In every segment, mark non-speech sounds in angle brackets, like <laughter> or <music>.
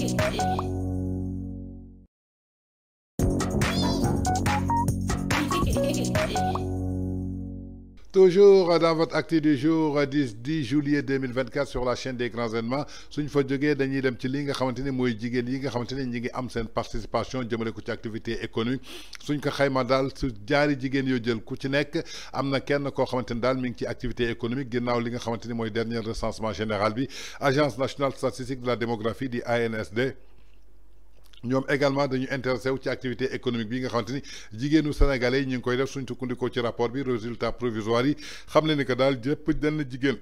Thank <laughs> you. toujours dans votre acte du jour 10 10 juillet 2024 sur la chaîne des grands événements suñ fa jógee dañuy dem ci li nga xamante ni mooy jigéen yi nga xamante ni ñi ngi am participation jëmale ci activité économique suñ ko xayma daal su jaari jigéen yoo jël ku ci nekk am na kenn koo xamante ni mi ngi ci activité économique ginnaaw li nga un dernier recensement général bi agence nationale statistique de la démographie di ANSD ñoom également dañu intéressé wu ci activité économique bi nga xamante ni jigéenu sénégalais yi ñu ngi koy def suñ tukkandikoo ci rapport bi résultat provisoire yi xam ne ni que daal jëpp denn jigéen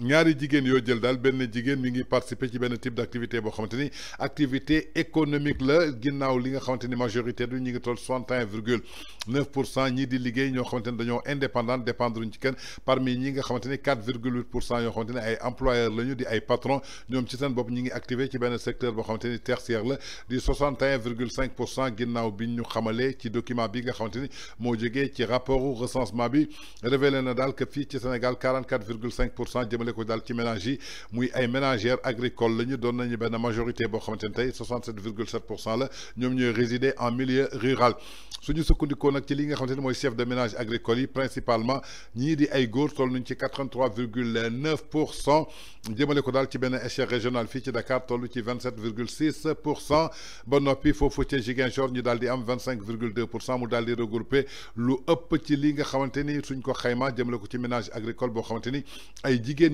ñaari jigen yo jël dal ben jigen mi ngi participer ci ben type d'activité bo xamanteni activité économique la ginnaw li nga xamanteni ni majorité du ñi ngi toll 61,9% ñi di liggéey ñoo xamanteni dañoo indépendant dépendre ci kenn parmi ñi nga xamanteni ni quatre xamanteni ni ay employeurs lañu di ay patron ñom ci seen bop ñi ngi activer ci ben secteur bo xamanteni tertiaire la di 61,5% ginnaw un bi ñu xamalé ci document bi nga xamanteni ni moo ci rapport recensement bi révélé na dal que fi ci Sénégal 44,5% le ko daal ci ménage yi muy ay ménagère agricole lañu ñu doon nañu ben majorité bo xamanteni ne tey pour cent la ñom ñoy résider en milieu rural suñu sukkundiko nak ci li nga xamanteni moy chef de ménage agricole yi principalement ñi di ay góor toll nañ ci 83,9% virgule pour cent ko dal ci ben échelle régionale fi ci Dakar tol ci 27,6 pour cent ba noppi foofu ci Ziguinchor ñu dal di am 25,2 pour cent mu dal di regrouper lu ëpp ci li nga xamanteni suñ ko xayma jëmale ko ci ménage agricole bo xamanteni ay jigen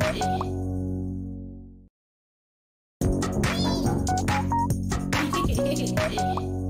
Thank you.